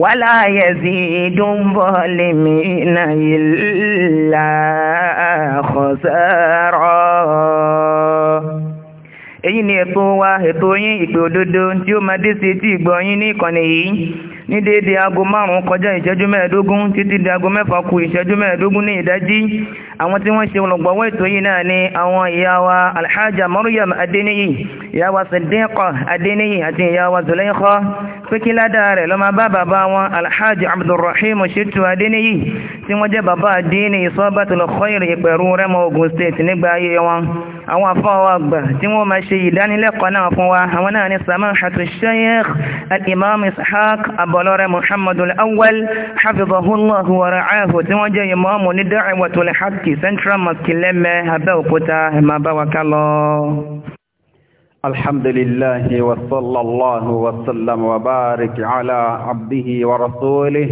wàlá yẹ̀sí ìdúnbọ̀ lèmi náà ìlà àkọsẹ́rọ̀. èyí ni ètò wa ètò yín ìpè òdodo tí ó máa dé sí etí ìgbọ́ yín ní ìkànnì yìí ní déédéé aago márùn-ún kọjá ìṣẹ́jú mẹ́ẹ̀ẹ́dógún títí di aago mẹ́fà kù ìṣẹ́jú mẹ́ẹ̀ẹ́dógún ní ìdájí àwọn tí wọ́n ṣe olùgbọ̀wọ́ ètò yìí náà ni àwọn ìyá wa alhaja maryam adeniyi ìyá wa sadiqa adeniyi àti ìyá wa zulaikha pé kí ládàá rẹ̀ lọ́mọ bá bàbá wọn alhaji abdulrahim shitu adeniyi tí wọ́n jẹ́ bàbá adini ìsọ́bàtìlọ́kọ́ ìrìn ìpẹ̀rú rẹ́mọ ogun state nígbà ayé wọn àwọn àfáwà àgbà tí wọ́n máa ṣe ìdánilẹ́kọ̀ọ́ náà fún wa àwọn náà ni samahatu sheikh al-imam ishaq abọlọ́rẹ muhammadu al-awwal hafizahullahu wa ra'ahu tí wọ́n jẹ́ imamu ní da'watul haqq central mosque lẹ́mẹ́ abẹ́òkúta ẹ̀mà báwa ká lọ. الحمد لله وصلى الله وسلم وبارك على عبده ورسوله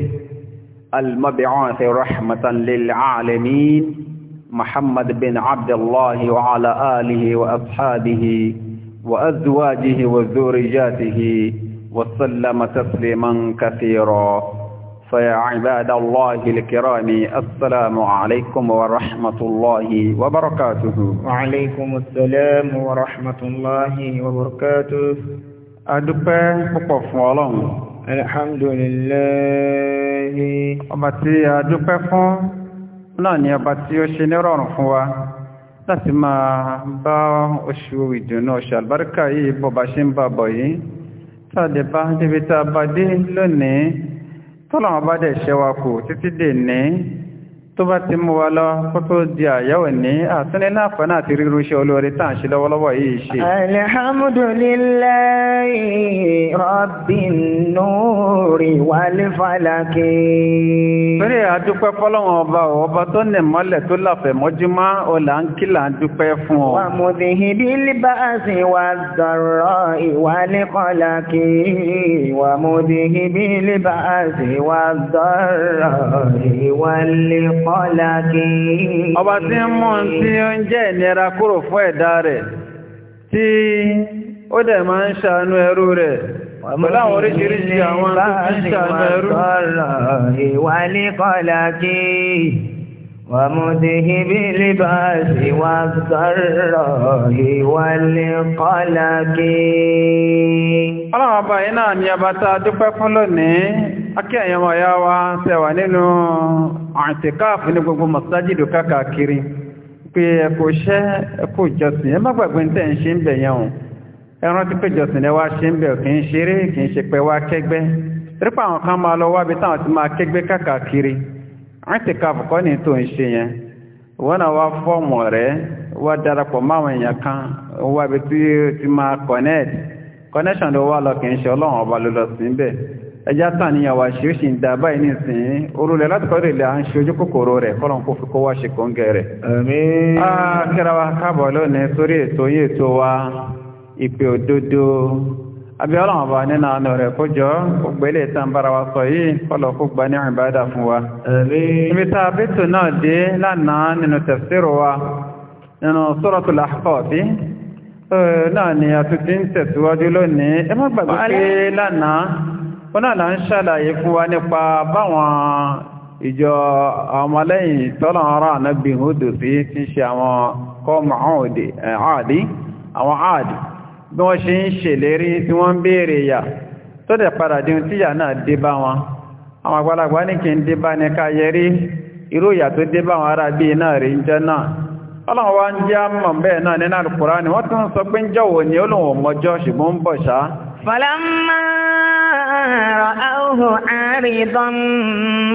المبعوث رحمة للعالمين محمد بن عبد الله وعلى آله وأصحابه وأزواجه وذرياته وسلم تسليما كثيرا فيا عباد الله الكرام السلام عليكم ورحمة الله وبركاته وعليكم السلام ورحمة الله وبركاته أدب بقف الحمد لله أمتي أدب tí náà ni ọba tí ó ṣe nírọ̀rùn fún wa láti máa bá oṣù ìdùnnú oṣù àlùbáríkà yìí bọba ṣe ń bá bọ̀ yìí tàbí bá débi tá dé lónìí tọ́lọ́wọ́n dẹ̀ ṣẹ́wà títí dè ní tó bá ti mú wa lọ kó tó di àyẹ́wò ní àtúnlẹ̀ náà fọ́ náà ti ríru iṣẹ́ olóore tàn ṣe lọ́wọ́lọ́wọ́ yìí ṣe. alhamdulillahi rabbin nuri wal falaki. torí àdúpẹ́ fọ́lọ́wọ́n ọba ọba tó nì mọ́lẹ̀ tó láfẹ̀ mọ́júmọ́ ó ń kí là ń dúpẹ́ fún ọ. wa mudhihibil ba'si wadh-dharra'i wal qalaki wa mudhihibil ba'si wadh-dharra'i wal qalaki kọ́lákì. Ọba tí ń mú tí ó ń jẹ́ ìnira kúrò fún ẹ̀dá rẹ̀ tí ó dẹ̀ máa ń ṣàánú ẹrú rẹ̀. Pẹ̀lú àwọn oríṣiríṣi àwọn tó ń ṣàánú ẹrú. Ìwà ní kọ́lákì. ومذهب لباس والضراء والقلق. Ọlọ́run ọba yìí náà ni ọba tá a dúpẹ́ fún lónìí. akí àyẹ̀mọ̀ wa tẹwà nínú àtìkáàfù ní gbogbo masajidu kákàkiri pé ẹkò iṣẹ́ ẹkò ìjọsìn ẹ má gbàgbé tẹ́ ń ṣe ń bẹ̀ yẹn o ẹran tí pé ìjọsìn ẹ wá ṣe ń bẹ̀ kì í ṣeré kì ṣe pé wá kẹ́gbẹ́ rípa àwọn kan máa lọ táwọn ti máa kẹ́gbẹ́ kákàkiri àtìkáàfù kọ́ ni tó ń ṣe yẹn wọ́n náà wá fọ́ọ̀mù rẹ̀ wá darapọ̀ máwọn èèyàn kan ẹjá tàníyàwó àṣíríṣì ń dà báyìí nìsín orúlẹ̀ látọ̀rọ̀ ilẹ̀ à ń ṣe ojú kòkòrò rẹ̀ kọ́lọ̀n kó fi kó wá ṣe kóńgẹ́ rẹ̀. àmín. kíra wa káàbọ̀ lónìí sórí ètò yìí ètò wa ìpè òdodo abiola ọba nínú àánú rẹ̀ kó jọ gbogbo ilé bára wa sọ yìí kọ́lọ̀ kó gba ní ìbádà fún wa. ibi tá a bí tò náà dé lánàá nínú tafsir wa nínú suratul Ahqaf eh, náà ni a tún ti ń tẹ̀síwájú lónìí ẹ má gbàgbé pé lánàá wọ́n náà ń ṣàlàyé fún wa nípa báwọn ìjọ ọmọlẹ́yìn tọ́lọ̀ ọ̀rọ̀ ànábì Húdù sí ti ṣe àwọn kọ́mọ̀ àádì àwọn àádì bí wọ́n ṣe ń ṣèlérí tí wọ́n yà tó dẹ̀ padà dín náà dé bá wọn àwọn ní kí n dé bá ní ká irú ìyà tó dé bá wọn bí náà rí ń jẹ́ náà فلما رأوه عارضا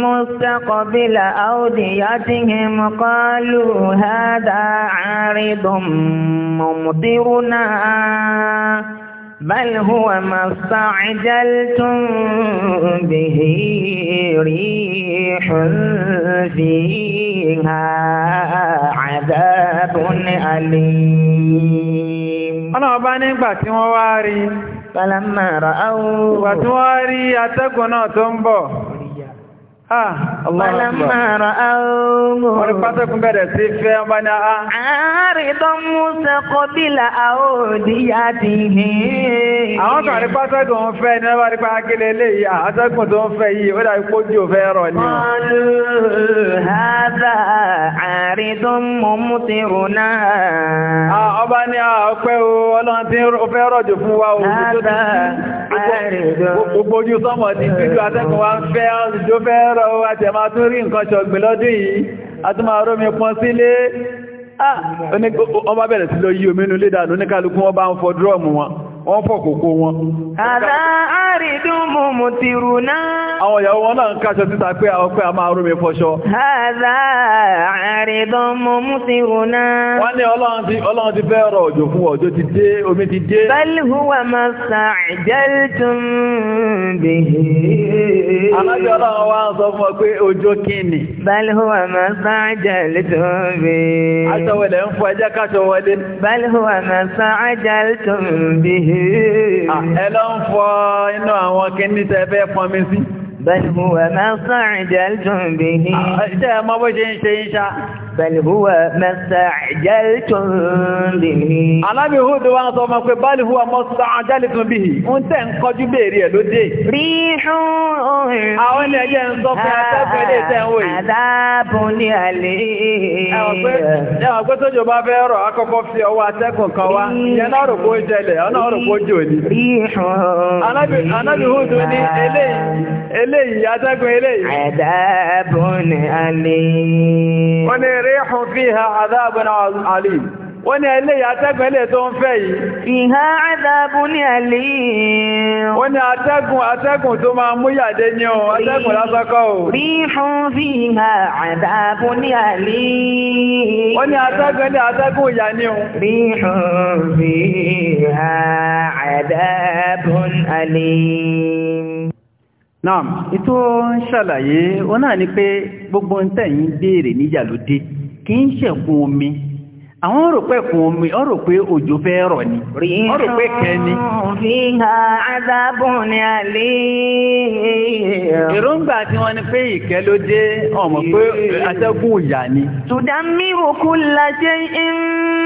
مستقبل أوديتهم قالوا هذا عارض ممطرنا بل هو ما استعجلتم به ريح فيها عذاب أليم. أنا أبا باتي واري Fàlámà rà áwọ̀. Ìgbà tí Ah, Fọlọ́mọ̀rọ̀ àwọ̀. Wọ́n ni pátákùn bẹ̀rẹ̀ sí fẹ́ ọmọ ní a. Ah, ah. Àárídọ́ Musa kọ bílà àwọ̀ òdíyà ti hì. Àwọn kan rí pátákùn ń fẹ́ ní wọ́n rí pa akílẹ̀ ilé yìí. Àtẹ́kùn tó ń fẹ́ yìí, ó dàbí pójú kọ́rọ̀ wá tẹ̀ máa tún rí nǹkan ṣọ̀gbìn lọ́dún yìí a tún máa rómi pọn sílé ọmọ ah, bẹ̀rẹ̀ sí lọ yí omi inú lédà lóníkálukú wọn bá ń fọ dúrọ́ọ̀mù wọn wọ́n fọ́ kòkó wọn. àlá àrídùn mú mú ti rù náà. àwọn ìyàwó wọn náà ń káṣọ síta pé àwọn pé a máa rú mi fọṣọ. àlá àrídùn mú mú ti rù náà. wọ́n ní ọlọ́run ti fẹ́ rọ òjò fún ọjọ́ ti dé omi ti dé. bal huwa ma sa'jaltum bihi. alájọ́ ọlọ́run wá sọ fún ọ pé ọjọ́ kí ni. bal huwa ma sa'jaltum bihi. aṣọ wẹlẹ̀ ń fọ ẹjẹ́ káṣọ wọlé. bal huwa ma sa'jaltum bihi. Ah, ẹ lọ ń fọ inú àwọn kí ní tẹ́ fẹ́ pọnmi sí. بل هو ما استعجلتم به بل هو ما استعجلتم به alábi húdú wọn sọ ọmọ pé bal huwa ma استعجلتم به ń tẹ́ ń kọjú béèrè ẹ̀ ló dé àwọn ilẹ̀ ẹ̀yẹ ń sọ pé afẹ́fẹ́ lè tẹ́ ń wò yìí àdábùn ní àlè ẹwà pé tójò bá fẹ́ rọ̀ akọ́kọ́ fi ọwọ́ atẹ́kùn kan wá ìyẹn náà rò kó jẹlẹ̀ eléyìí atẹ́gùn eléyìí. Adabun alim. Wọ́n ní rihun fiha adabun alim wọ́n ní ilé àtẹ́gùn ilé tó ń fẹ́ yìí. Ìhá àdábù ní àlè. Wọ́n ní àtẹ́gùn àtẹ́gùn tó máa mú yàdé ní o, àtẹ́gùn lásọ́kọ́ o. Rí fún bí ìhá àdábù ní àlè. Wọ́n ní àtẹ́gùn ilé àtẹ́gùn ìyà ní o. Rí fún bí ìhá àdábù ní àlè náà ito ń ṣàlàyé wọn náà ni pé gbogbo ń tẹ̀yìn béèrè níjà ló dé kì í ṣẹ̀kún omi àwọn rò pé kùn omi ọ pé òjò fẹ́ rọ̀ ni ọ rò pé kẹni. ni àlè. tí wọ́n ní pé ìkẹ́ ló dé ọmọ pé atẹ́gùn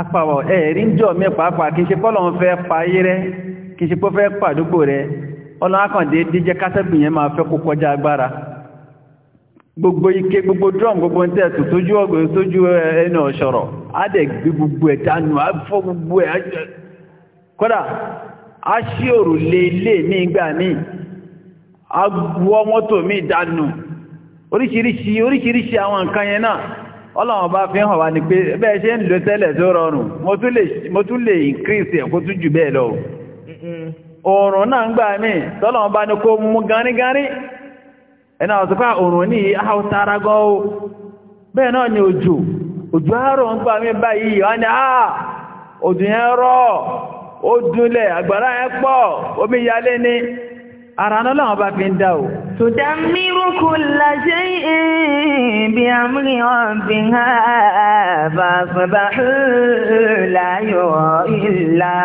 apàwọ̀ ẹ̀rí ń jọ mẹ́pàá pàápàá pọ́lọ̀ ń fẹ́ payé rẹ kí ṣe pọ́ fẹ́ pàdúgbò rẹ ọlọ́n díjẹ́ kásẹ́bìn yẹn máa fẹ́ kó agbára gbogbo ike gbogbo drum gbogbo ń tẹ́ẹ̀tù sójú ọgbẹ̀ ọ̀ṣọ̀rọ̀ a ọlọ́run bá fi ń wá ní pé bẹ́ẹ̀ ṣe ń lò tẹ́lẹ̀ tó rọrùn mo tún lè increase ẹ̀ jù bẹ́ẹ̀ lọ oòrùn náà ń gbà mí tọ́lọ́run bá ní kó mú gánígání ẹ̀nà ọ̀sọ̀pá oòrùn ní ní ara náà láwọn bá fi ń dá o. tudammiru kulla shay'in bi amri rabbiha fasbahu la yura illa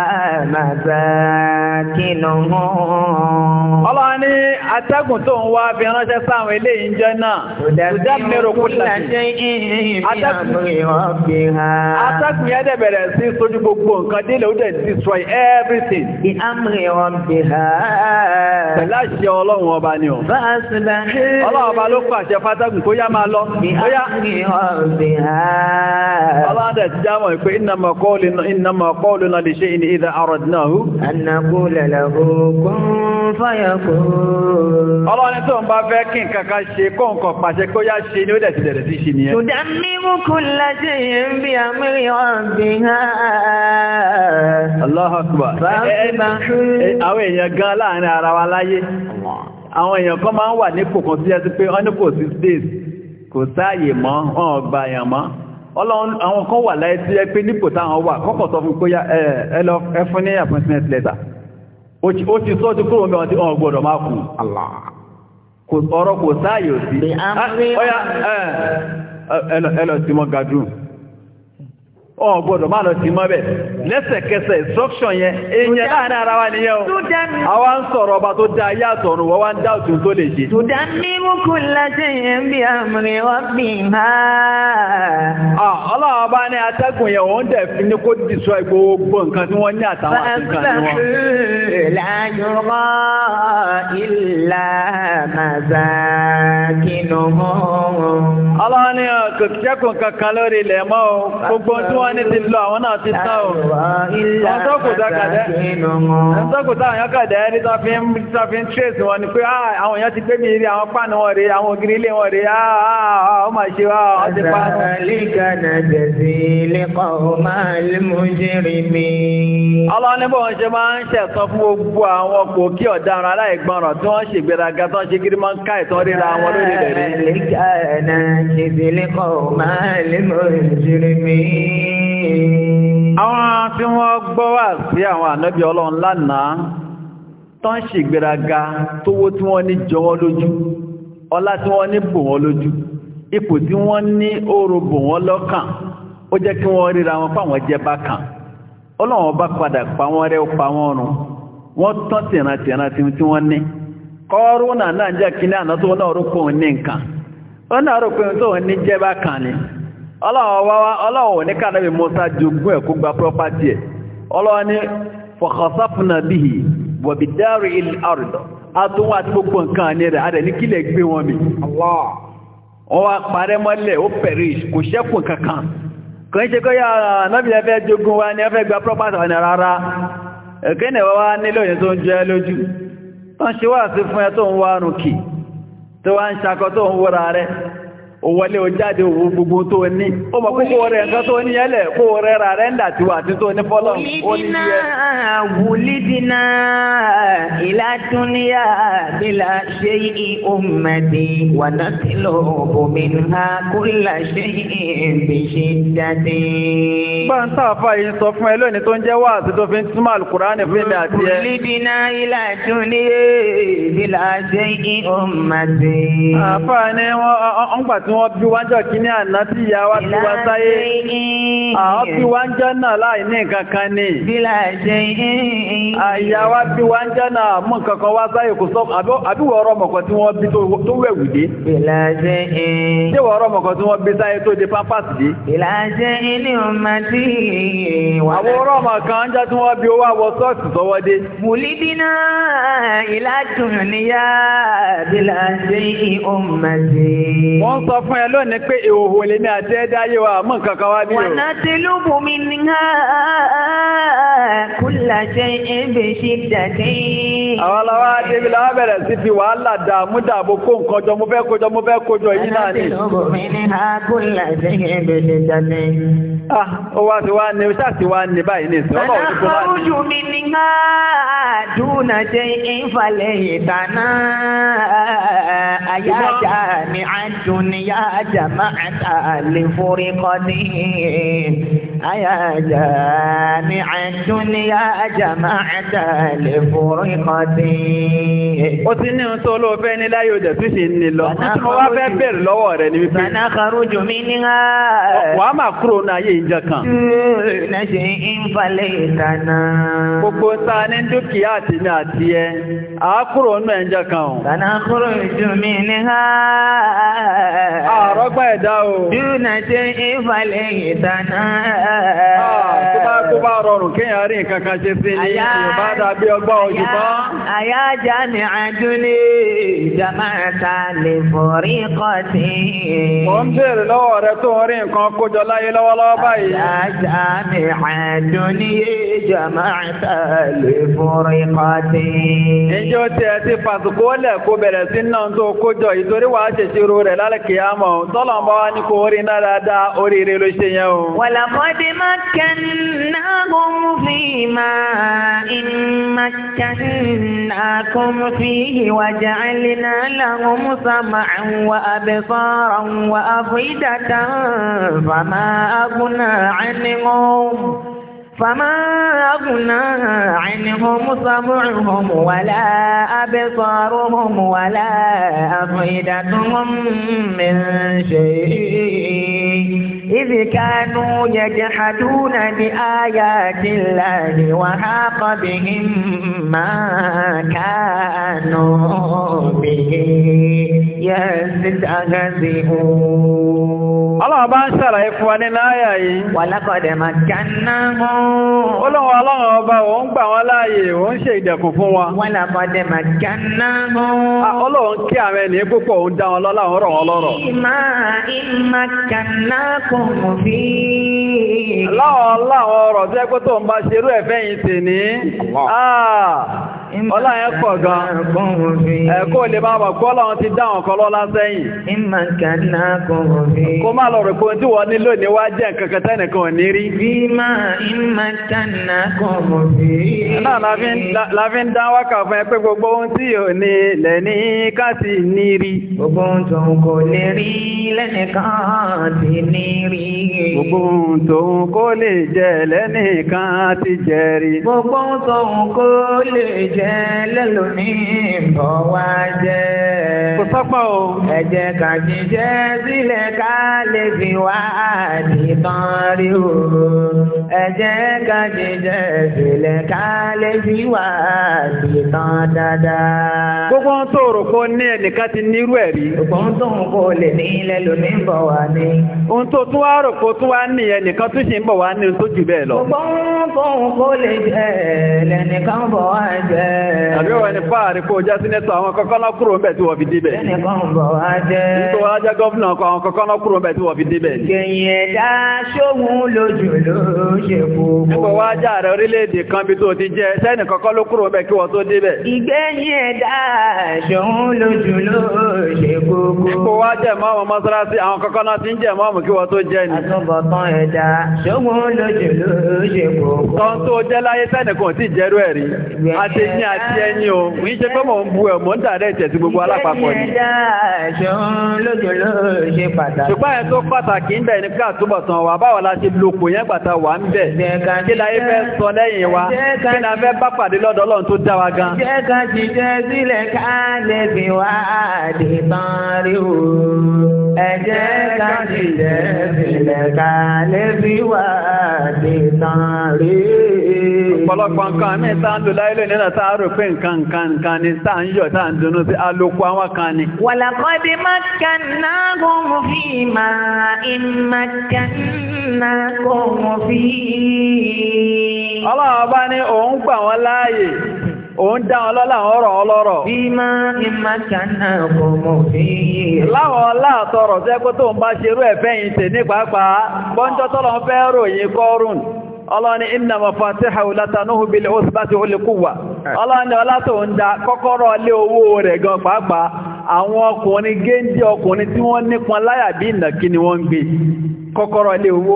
masakinuhum. ọlọ́ni atẹ́gùn tó ń wá bí ránṣẹ́ sáwọn ilé ìjọ náà ìdámẹ́rò kúlẹ̀ atẹ́gùn yẹ́ dẹ̀ bẹ̀rẹ̀ sí sójú gbogbo nǹkan délé ó dẹ̀ destroy everything pẹ̀láṣẹ ọlọ́run ọba ni ọ̀ ọlọ́run ọba ló pàṣẹ fátẹ́gùn kó yá máa lọ ọlọ́run dẹ̀ ti jámọ̀ ìpé ìnàmọ̀kọ́ọ̀lùnà lè ṣe ìdá àrọ̀dínáhù أن نقول له كن فيكون Ọlọ́run tó ń bá fẹ́ kí nǹkankan ṣe kó nǹkan pàṣẹ kó yá ṣe ni ó dẹ̀sí dẹ̀rẹ̀ sí ṣe ni ẹ. Tùdá mímú kú lájẹ́ yẹn bí àmìrí ọ̀gbìn ha. Allahu Akbar. Àwọn èèyàn gan láàrin ara wa láyé. Àwọn èèyàn kan máa ń wà Ọlọ́run àwọn kan wà láyé tí nípò táwọn wà kọ́kọ̀ sọ fún pé ẹ lọ ní appointment letter ó ti sọ ti kúrò mẹ́wàá tí ọ̀n gbọ́dọ̀ máa kù ọ̀rọ̀ kò sáàyò sí ah, eh, eh, ẹlọ sí mọ́ gadrú ọ gbọdọ̀ máa lọ sí mọ́bẹ̀ lẹ́sẹ̀kẹsẹ̀ instruction yẹn èèyàn láàrin ara wa nìyẹn o àwa ń sọ̀rọ̀ ọba tó dá ayé àtọ̀run wọ́n wá ń dá òtún tó lè ṣe. tùdá ní mùkù lẹ́sẹ̀ yẹn bí àmì tí wọ́n wọ́n ní ti lọ àwọn náà ti tán o wọ́n tọ́kùtà àyọ́kàdẹ́ ẹni tàbí ń tírèsì wọn ni pé ah, àwọn èèyàn ti gbé mi rí àwọn pàánù wọn rí àwọn ògiri ilé wọn rí ah, ah, ó máa ṣe wá ọ́ ti pa ọlọ́run ní bọ́n ṣe máa ń ṣẹ̀tọ́ fún gbogbo àwọn ọkọ̀ kí ọ̀daràn aláìgbọràn tí wọ́n ṣègbéraga tó ń ṣe gírí máa ń ká ìtọ́ ríra wọn lórí rẹ̀ rí. Àwọn tí wọ́n gbọ́ wà sí àwọn ànábì ọlọ́run lánàá tó ń ṣègbéraga tówó tí wọ́n ní jọ wọ́n lójú, ọlá tí wọ́n ní bò wọ́n lójú, ipò tí wọ́n ní oòrò bò wọ́n lọ́kàn, ó jẹ́ kí wọ́n ríra wọn fáwọn jẹ bákan. Ọlọ́run bá padà ọlọ́wọ̀ ní kánàbí Musa jogún ẹ̀kú gba property ẹ̀ ọlọ́wọ́ ní fọ̀kọ̀sáfúnà bí i wọ̀bìdárì ilẹ̀ àrùdọ̀ àtúnwà tí gbogbo nǹkan ní rẹ̀ adẹ̀ ní kílẹ̀ gbé wọn mi wọ́n wá parẹ́ mọ́lẹ̀ ó kò kankan gba property wọn wọ́n wá ń jẹ́ òwọlé òjáde òwò gbogbo tó ní ó mọ̀ kókó rẹ̀ nǹkan tó ní ẹlẹ̀ kó ra rẹ̀ ń dàtí wà tó ní fọ́lọ̀ olídínà wùlídínà ìlàdúnníyà bílà ṣe ìhòmẹ̀dì wà nátìlọ̀ òmìnira kúlà ṣe ìbèṣe dáadé. báńtà àfà yìí sọ fún ẹ lónìí tó ń jẹ́ wáàsí tó fi ń túmọ̀ alukurani fún mi àti ẹ. wùlídínà ìlàdúnníyà bílà ṣe ìhòmẹ̀dì. àfà ni wọ́n bí wájọ́ kí ní àná tí ìyá wá tí wá sáyé àwọn bí wájọ́ náà láì ní kankan ní àyà wá bí wájọ́ náà mú kankan wá sáyé kò sọ àbíwọ̀ ọ̀rọ̀ mọ̀kọ̀ tí wọ́n bí tó wẹ̀wù dé ṣé wọ́n ọ̀rọ̀ mọ̀kọ̀ tí wọ́n bí sáyé tó dé pampers dé. àwọn ọ̀rọ̀ mọ̀kan ń jẹ́ tí wọ́n bí owó àwọ̀ sọ́ọ̀sì sọ́wọ́ dé. mùlídínà ìlàjùn níyà bí láṣẹ́ ìhùn màdé. wọ́n sọ fún ẹ lónìí pé ìhòhò lè ní àti wa mú nǹkan wá bí o. wọ́n náà ti la wá bẹ̀rẹ̀ sí fi wàhálà dààmú dààbò kó nǹkan jọ mo fẹ́ kójọ mo ní kúlà ah ó wá ti wá ní ṣáà ti wá ní báyìí ní ìsìn ọlọ́run bá ní. ọ̀nà kọ́rùjù mi ní dúnà ṣe ìfàlẹ̀ ìtànà àyájà mi ìdá àjàmá àtàlẹ́fọ́rẹ́kọ́ ní. أيا جامع الدنيا جمعت لفرقتي ó ti ní ohun tó ló fẹ́ ní láyé òjò tó ṣe ní lọ tí mo wá fẹ́ bèrè lọ́wọ́ rẹ̀ ni wípé sana kharuju minha wàá máa kúrò ní ayé ìjọ kan. lẹ́sẹ̀ ìfàlẹ̀ ìtànà. gbogbo ta ní dúkìá àti mi àti ẹ à á kúrò ní ẹ̀jọ kan o. sana kharuju minha. àrọ́gbà ẹ̀dá o. lẹ́sẹ̀ ìfàlẹ̀ ìtànà. Ah, tó bá rọrùn kíyàn rí nǹkan kan ṣe sí ní ìbá dàbí ọgbọ́ òjúbọ́. Àyá jà ní àjúlé ìjàmáta lè forí kọ́ sí. Mo ń bèèrè lọ́wọ́ rẹ tó ń rí nǹkan kójọ láyé lọ́wọ́lọ́wọ́ báyìí. Àyá jà ní àjúlé ìjàmáta lè forí kọ́ sí. Ìjọ́ tí ẹ ti fàsùkú lẹ̀ kó bẹ̀rẹ̀ sí náà tó kójọ ìtorí مكناهم فيما إن مكناكم فيه وجعلنا لهم سمعا وأبصارا وأفئدة فما أغنى عنهم فما أغنى عنهم سمعهم ولا أبصارهم ولا أفئدتهم من شيء إذ كانوا يجحدون بآيات الله وحاق بهم ما كانوا به يستهزئون. الله بان شرع إخواننا يا إيه. ولقد مكناهم ń gbà wọ́n láàyè ó ń ṣe ìdẹ̀kùn fún wọn. wọ́n là bọ́ dẹ̀ mà gánà hàn. ọlọ́run kí àwọn ẹni púpọ̀ ń dá wọn lọ́lá wọn rọ̀ wọn lọ́rọ̀. ìmọ̀ ìmọ̀ gánà kò mọ̀ bí. láwọn láwọn ọ̀rọ̀ tó yẹ kó tó ń bá ṣerú ẹ̀fẹ́ yìí tè ní ọláyẹn pọ̀ gan ẹ̀kọ́ lè máa bà kọ́ lọ́wọ́n ti dáhùn kọ́ lọ́lá sẹ́yìn kó má lọ rẹ̀ kóhun tí wọ́n nílò ní jẹ́ kankan tẹ́nìkan ní rí náà láfi ń dá wákà fún ẹ gbogbo ohun tí ò ní lẹ́ní káàtì ní rí gbogbo ohun tó ń kò lè jẹ́ lẹ́ní káàtì jẹ́ rí gbogbo ohun tó ń kò lè jẹ́ jẹ́ lẹ́lòmíì bọ̀ wá jẹ́. Kò sọ́pọ̀ o. Ẹ jẹ́ ká jíjẹ́ sílẹ̀ ká lè fi wá àdìtán rí o. ẹ jẹ́ ká jíjẹ ìpìlẹ̀ ká lè fi dada. dáadáa. gbogbo tó rò kó ní ẹnìkan ti nírú ẹ̀ rí. gbogbo tó ń kó lè ní ilẹ̀ lómi bọ̀ wá ní. ohun tó tún wá rò kó tún wá ní ẹnìkan tún ṣe ń bọ̀ wá ní jù bẹ́ẹ̀ lọ. gbogbo tó ń kó lè jẹ lẹ́nìkan bọ̀ wá jẹ. àbí wọn ni kó àwọn kúrò tí fi lẹ́nìkan bọ̀ Ẹgbọ̀ wá jàrẹ orílẹ̀-èdè kan bí tó ti jẹ, sẹ́nì kọ́kọ́ ló kúrò bẹ́ kí wọ́n tó débẹ̀. Ìgbẹ́yìn ẹ̀dá ṣòun lójú ló ṣe gbogbo. Ẹgbọ̀ wá jẹ mọ́mù mọ́sálásí, àwọn kọ́kọ́ ti ń jẹ mọ́mù kí wọ́n tó jẹ ni. Àtúbọ̀tán ẹ̀dá ṣòun lójú ló ṣe gbogbo. Tọ́n tó jẹ́ láyé sẹ́nì o, kì í ṣe pé mò ń bu ẹ̀ mò ń dàrẹ́ ìtẹ̀ sí gbogbo alápapọ̀ ni. Ìgbẹ́yìn ẹ̀dá ṣòun lójú ló ṣe bẹ̀. kí la yẹ fẹ́ sọ lẹ́yìn wa kí la fẹ́ bá pàdé lọ́dọ̀ Ọlọ́run tó dá wa gan. jẹ́ jíjẹ sílẹ̀ ká fi wá àdé tán rí jíjẹ sílẹ̀ ká fi wá àdé tán ọ̀pọ̀lọpọ̀ nǹkan mi ta ń lò láìlò nínú ta rò pé nǹkan nǹkan nǹkan ni ta ń yọ̀ ta ń dunú sí alókù àwọn kan ni. wàlàkọ́dé makannahum fi ma ìmakannahum fi. ọlọ́run bá ní òun gbà wọ́n láàyè òun dá wọn lọ́lá ọ̀rọ̀ ọlọ́rọ̀. bí má ní má kàánà ọmọ fi yé. láwọn láàtọ̀rọ̀ tẹ́kọ́ tó ń bá ṣerú ẹ̀fẹ́ yìí tè ní pàápàá bọ́njọ́ tọ́lọ́ kọ́rùn-ún. ọlọ́ni iná mọ̀fàtíhà látànúhù bí lọ́sibáti ó lè kúwà ọlọ́ni ọlátò ń da kọ́kọ́rọ́ lé owó rẹ̀ gan pàápàá àwọn ọkùnrin géńdé ọkùnrin tí wọ́n nípọn láyà bí ìnàkí ni wọ́n ń gbé kọ́kọ́rọ́ lé owó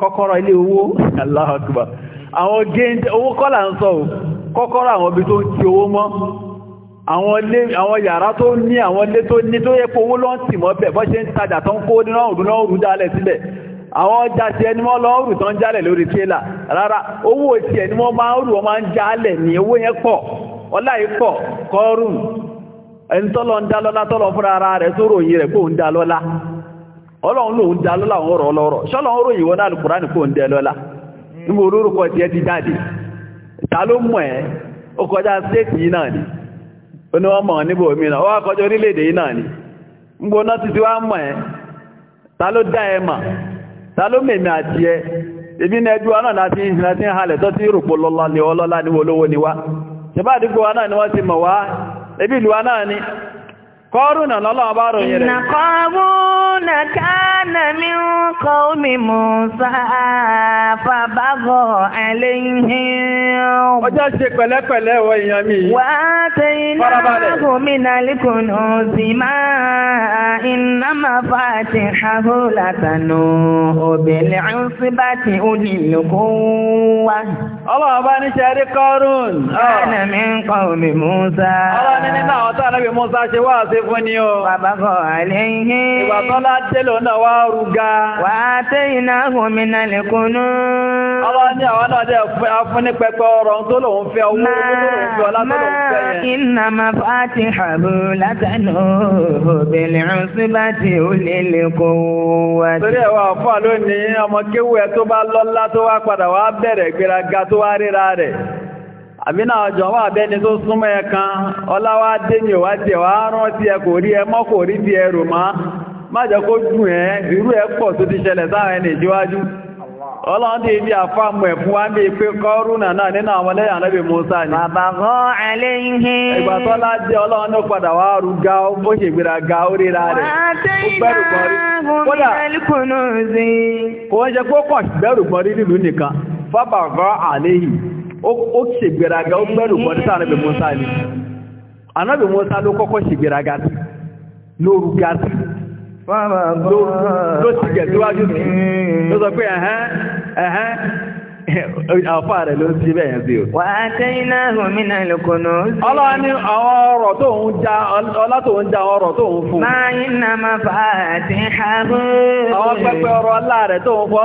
kọ́kọ́rọ́ lé owó Allahu Akbar àwọn géńdé owó kọ́là ń sọ kọ́kọ́rọ́ àwọn ibi tó ń ti owó mọ́ àwọn yàrá tó ní àwọn ilé tó ní tó yẹ pé owó lọ́n tì mọ́ bẹ̀ bọ́ ṣe ń tajà tó ń kó náà rú náà rú dálẹ̀ síbẹ̀ àwọn ọjà tí ẹni wọ́n lọ rù tán jálẹ̀ lórí tírélà rárá owó tí ẹni máa ń rù máa ń jálẹ̀ ní owó yẹn ara rẹ̀ tó ròyìn rẹ̀ kó ń ọlọ́run lòun òun rọ̀ ròyìn wọn láàrín kó ń ti jáde ta ló mọ̀ ẹ́ ó kọjá yìí náà ni ó ní wọ́n mọ̀ níbo ó wá kọjá orílẹ̀-èdè yìí náà ni wá mọ̀ ẹ́ ta ló dá ẹ mọ̀ ta ló àti ẹ ibi ní ẹjú anáà láti ìhìnà tí ń halẹ̀ tó tí rùpò lọ́lá ni ọlọ́lá ni olówó ni wá ṣe bá àdúgbò anáà ni wọ́n ti mọ̀ wá ibi ìlú anáà ni kọ́rùnà lọ́lọ́wọ́ bá ròyìn rẹ̀. ìnàkọ́rùnà kánà mi ń kọ́ omi Mùsá fàbágọ̀ ẹlẹ́yìn. ọjọ́ ṣe pẹ̀lẹ́pẹ̀lẹ́ wọ èèyàn mi. wà á tẹ iná gómìnà lẹ́kùnù sí máa iná máa fa àti àhó látànà obìnrin ọ̀sìn bá ti òní lóko wá. ọlọ́wọ́ bá ní ṣe rí kọ́rùn. kánà ń kọ́ omi Mùsá. ọlọ́ni nínú àwọn tó fún ni o. Bàbá kọ̀ àléhìn. Ìwà tọ́lá tẹ́lò náà wá rúgá. Wà á tẹ́ iná gómìnà lẹ́kùnú. Ọlọ́run ní àwọn náà dẹ̀ fún ní pẹpẹ ọ̀rọ̀ tó lòun fẹ́ owó tó lòun fẹ́ ọlá tó lòun fẹ́ Iná máa fà ti hàbù látànú obìnrin ṣúgbà tí ó lè lè kó wá. Torí ẹ̀wà ọ̀fà lónìí, ọmọ kéwù ẹ tó bá lọ́lá tó wá padà wá bẹ̀rẹ̀ gbéraga tó wá ríra rẹ̀. àbínà ọjọ́ wà bẹ́ni tó súnmọ́ ẹ kan ọláwá dẹ́yìn wá tẹ̀ wá rán tí ẹ kò rí ẹ mọ́ rí di ẹrù mọ́ má jẹ́ kó dùn ẹ irú ẹ pọ̀ tó ti ṣẹlẹ̀ sáwọn ẹni ìjíwájú ọlọ́run ti àfàmù bí pé nínú àwọn Musa ni. ẹlẹ́yìn. ìgbà tó lájẹ́ ọlọ́run padà wá rú ga ó ga ó rẹ̀. ó bẹ̀rù kódà kò ń ṣe kó kàn bẹ̀rù ó ṣègbéraga ó gbẹ́rù bọ́ níta anábì Musa ni anábì Musa ló kọ́kọ́ ṣègbéraga sí lóru ga sí ló ti gẹ̀ síwájú sí ló sọ pé àfà rẹ̀ ló ń ti bẹ̀yẹn sí o. wà á tẹ́yìn náà gómìnà lókòló. ọlọ́wọ́ ní àwọn ọ̀rọ̀ tó ń já ọlá tó ń já ọ̀rọ̀ tó ń fún. máa ń nà máa fà á ti àwọn pẹpẹ ọ̀rọ̀ ọlá rẹ̀ tó ń fún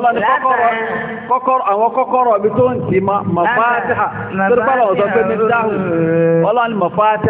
ọlọ́ àwọn kọ́kọ́rọ́ mi tó ń ti máa fà á ti ha. lọ́wọ́ sọ pé mi dáhùn ọlọ́ni máa fà á ti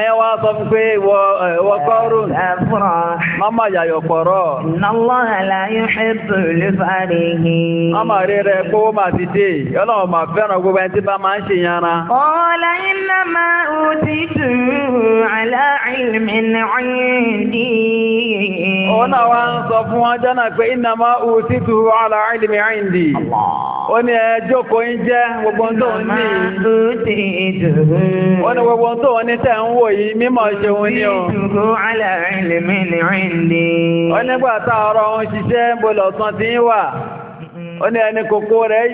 yẹn wá sọ fún pé ìwọ kọ́rùn mama yàyọ̀ pọ̀rọ̀ mama rí rẹ̀ pé ó máa ti dé ọlọ́run máa fẹ́ràn gbogbo ẹni tí bá máa ń ṣe yanra. ọ̀la iná máa ń ti tù aláìlmí ní ọ̀yìn dìí. òun náà wá ń sọ fún wọn jọ́nà pé iná máa hù títù ala ilmi indi ó ní ẹ jókòó ń jẹ́ gbogbo tó ń ní ó ní gbogbo tó ń ní tẹ̀ ń wò yìí mímọ̀ ṣeun ní o ó nígbà tá ọ̀rọ̀ ń ń wà ó ní ẹni kòkó rẹ̀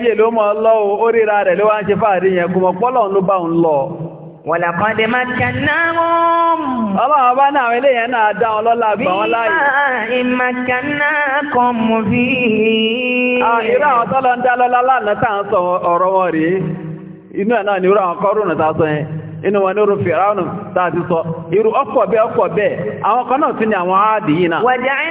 Wọ̀làkọ́dé máa kẹ́nàrún. Ọba ọba náà àwọn eléyẹn náà dá wọn lọ́lá gbà wọn láàyè. Bí ìmọ̀ kẹ́nà kan mú bí. Irú àwọn tọ́lọ ń dá lọ́lá lánàá tá à ń sọ ọ̀rọ̀ wọn rèé. Inú ẹ̀ náà ni irú àwọn kọ́rùn-ún tá a sọ yẹn. Inú wọn ní irú Fìràánù tá a ti sọ. Irú ọ̀pọ̀ bẹ́ẹ̀ ọ̀pọ̀ bẹ́ẹ̀. Àwọn kan náà tún ni àwọn áàdì yìí náà. Wàjà ń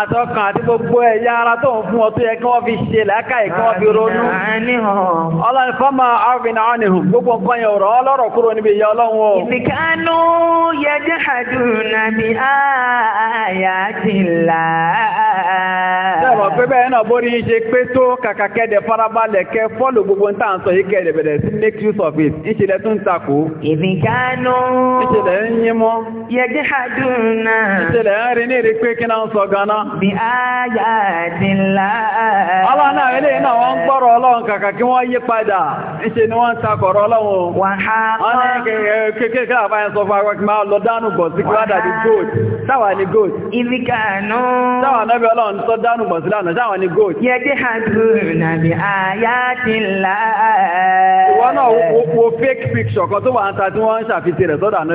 àtọkàn àti gbogbo ẹ̀yà ara tó ń fún ọtún yẹ fi ṣe lẹ́ẹ̀ká ìkí fi ronú ọlọ́rin fọ́mà arvin arnihun gbogbo nǹkan yẹn rọ ọlọ́rọ̀ kúrò níbi ìyá ọlọ́run o make use of it ìṣẹ̀lẹ̀ ń rí ní ìrí pé kí náà sọ ganá irọ́. Bí ájá ti lá. Ọlọ́run náà ilé náà wọ́n ń gbọ́rọ̀ ọlọ́run kàkà kí wọ́n yí padà. Ìṣe ni wọ́n ń takọ̀rọ̀ ọlọ́run. Wà á kọ́. Wọ́n ní kékeré àbáyẹn sọ fún akọ́ kí máa lọ dánù bọ̀ sí kí wá dàbí goat. Sáwà ni goat. Ibi kànú. Sáwà náà bí ọlọ́run sọ dánù bọ̀ sí lánàá. Sáwà ni goat. Yẹ́dí àdúrà nàbí ájá ti lá. Ìwọ náà wo fake picture kan tó wà ń ta tí wọ́n ń ṣàfihàn rẹ̀ sọ́dọ̀ àná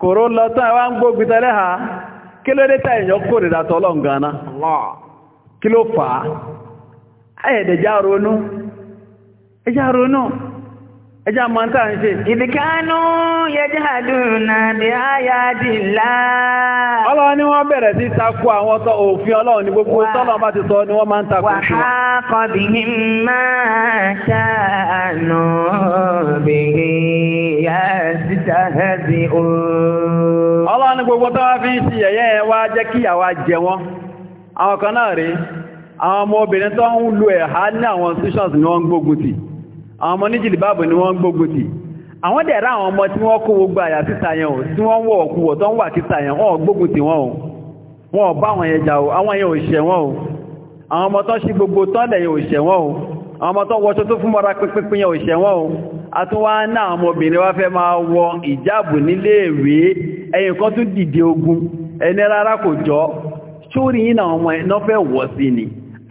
kòró lọ tán àwọn gbógbìtẹ́lẹ́ ha kí ló dé tàìyàn kò rí dàtọ̀ ọlọ́ngana kí ló fà á ẹjá mọ́ n ń ṣe. ìbìkánú yẹjáàdùnà bí àyà ọlọ́run ni wọ́n bẹ̀rẹ̀ sí takò àwọn òfin ọlọ́run ní gbogbo tọ́lọ́run bá ti sọ ni wọ́n máa ń takò sí. wàhálà kan bí ní máa ṣàánú bèrè yá síta ẹ̀sìn ni gbogbo fi ń ṣe yẹ̀yẹ́ wa wá jẹ́ kíyàwó jẹ wọn. àwọn kan náà àwọn ọmọ tó ń ni wọ́n gbógun àwọn ọmọ níjìlì báàbù ni wọ́n gbógun tì àwọn dẹ̀ra àwọn ọmọ tí wọ́n kó gbogbo àyà síta yẹn o tí wọ́n wọ̀ ọ̀kúwọ̀ tó ń wà kíta yẹn wọ́n gbógun tì wọ́n o wọ́n bá àwọn yẹn jà o àwọn yẹn ò ṣẹ̀ wọ́n o àwọn ọmọ tó ṣe gbogbo tọ́lẹ̀ yẹn ò ṣẹ̀ wọ́n o àwọn ọmọ tó wọṣọ tó fún mọ́ra pínpín yẹn ò ṣẹ̀ wọ́n o àtúnwá náà ọmọbìnrin wá fẹ́ máa wọ ìjáàbù níléèwé ẹ̀yìn kan tún dìde ogun ẹni rárá kò jọ sórí yìí náà ọmọ ẹ̀ náà fẹ́ wọ̀ sí ni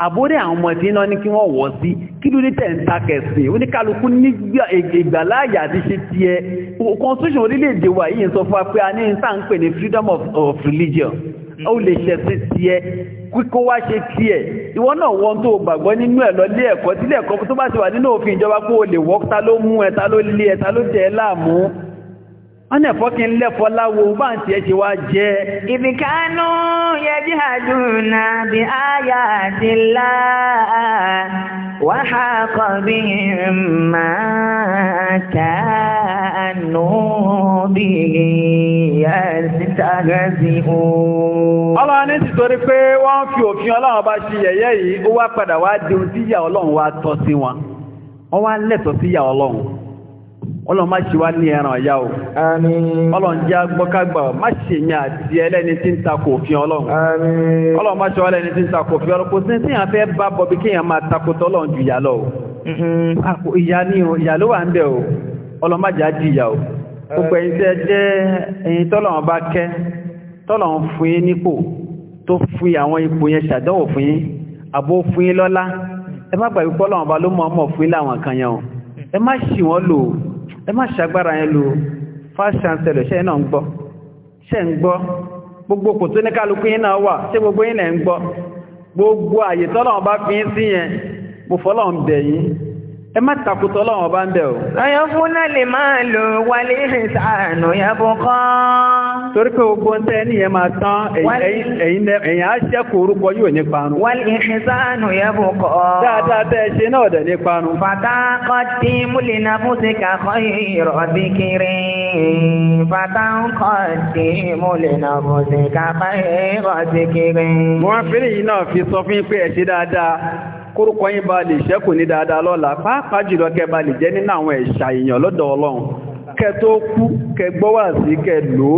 àbórí àwọn ọmọ tí iná ní kí wọ́n wọ́ sí kí ló dé tẹ̀ ń takẹ̀sìn oníkálukú nígbà ìgbàláyà àti ṣe ti ẹ constitution orílẹ̀-èdè wa yìí sọ fún wa pé a ń pè ní freedom of, of religion ó lè ṣe sí ti ẹ kíkó wá ṣe ti ẹ ìwọ náà wọ́n tó gbàgbọ́ nínú ẹ̀ lọ lé ẹ̀kọ́ sílẹ̀ ẹ̀kọ́ tó bá ti wà nínú òfin ìjọba pé lè wọ́ ta ló mú ẹ ta ló lé ẹ ta ló jẹ láàmú ana fokin lefo lawo ba nti e wa je ibi kanu ye jihaduna bi ayatillah wa haqa bihim ma bi bihi yastaghzihu ala ni ti tori pe won fi ofin olorun ba si yeye yi o wa pada wa di o ti ya olorun wa to si won o wa leto si ya olorun ọlọ́run má ṣe wá ní ẹran ọ̀yá o ọlọ́run jẹ́ agbọ́kágbà má ṣe mi àti ẹlẹ́ni tí ń takò òfin ọlọ́run ọlọ́run má ṣe wá lẹ́ni tí ń takò òfin ọlọ́run kò sí tí yàn bá bọ̀bí kí máa takòtò ọlọ́run ju ìyá lọ o mm-hmm. ah, ìyá ni o ìyá ló wà ń bẹ̀ o ọlọ́run má jà di ìyá o gbogbo ẹ̀yin tẹ́ jẹ́ ẹ̀yin tọ́lọ́run bá kẹ́ tọ́lọ́run fún yín nípò tó fi àwọn ipò yẹn ṣàdánwò fún yín ẹ má ṣì wọ́n lò ó ẹ má ṣàgbára yẹn lò first chancellor ṣe náà ń gbọ́ ṣe ń gbọ́ gbogbo kò tó ní kálukú yín náà wà ṣé gbogbo yín lẹ̀ ń gbọ́ gbogbo àyè tọ́lọ́wọ́n bá fi sí yẹn mo fọ́lọ́ bẹ̀ yín ẹ má takùtọ̀ ọlọ́wọ́n bá ń bẹ̀ o. ọyọ fúnná lè máa lò wálé ìsànù yàbọ̀ kan torí pé gbogbo ń tẹ́ níyẹn máa tán ẹ̀yìn á jẹ́ kó orúkọ yóò ní parun. wal ihsanu yabqa. dáadáa tẹ́ ẹ ṣe náà dẹ̀ ní parun. fataqaddimu li nafsika khayra dhikri fataqaddimu li nafsika khayra dhikri. mo máa fi níyìn náà fi sọ fún yín pé ẹ ṣe dáadáa kórúkọ yín ba lè ṣẹ́kù ní dáadáa lọ́la pàápàá jùlọ kẹ́ ba lè jẹ́ nínú àwọn ẹ̀ṣà èèyàn lọ́dọ̀ ọlọ́run kẹ́ tó kú kẹ́ gbọ́wà sí kẹ́ lòó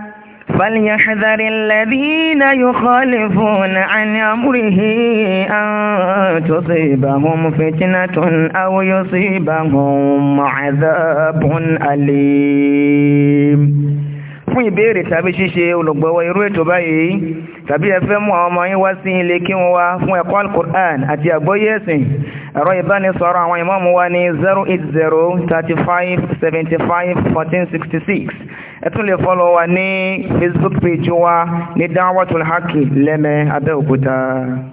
فليحذر الذين يخالفون عن أمره أن تصيبهم فتنة أو يصيبهم عذاب أليم fún ìbéèrè tàbí ṣíṣe olùgbọ́wọ́ irú ètò báyìí tàbí ẹ fẹ́ mú àwọn ọmọ yín wá sí ilé kí wọ́n wá fún ẹ̀kọ́ al-Qur'an àti àgbọ́yé ẹ̀sìn ẹ̀rọ ìbánisọ̀rọ̀ àwọn ìmáàmù wa ní 080 35 75 1466 ẹ tún lè fọ́lọ̀ wa ní Facebook page wa ní Da'watul Haqq lẹ́mẹ́ Abẹ́òkúta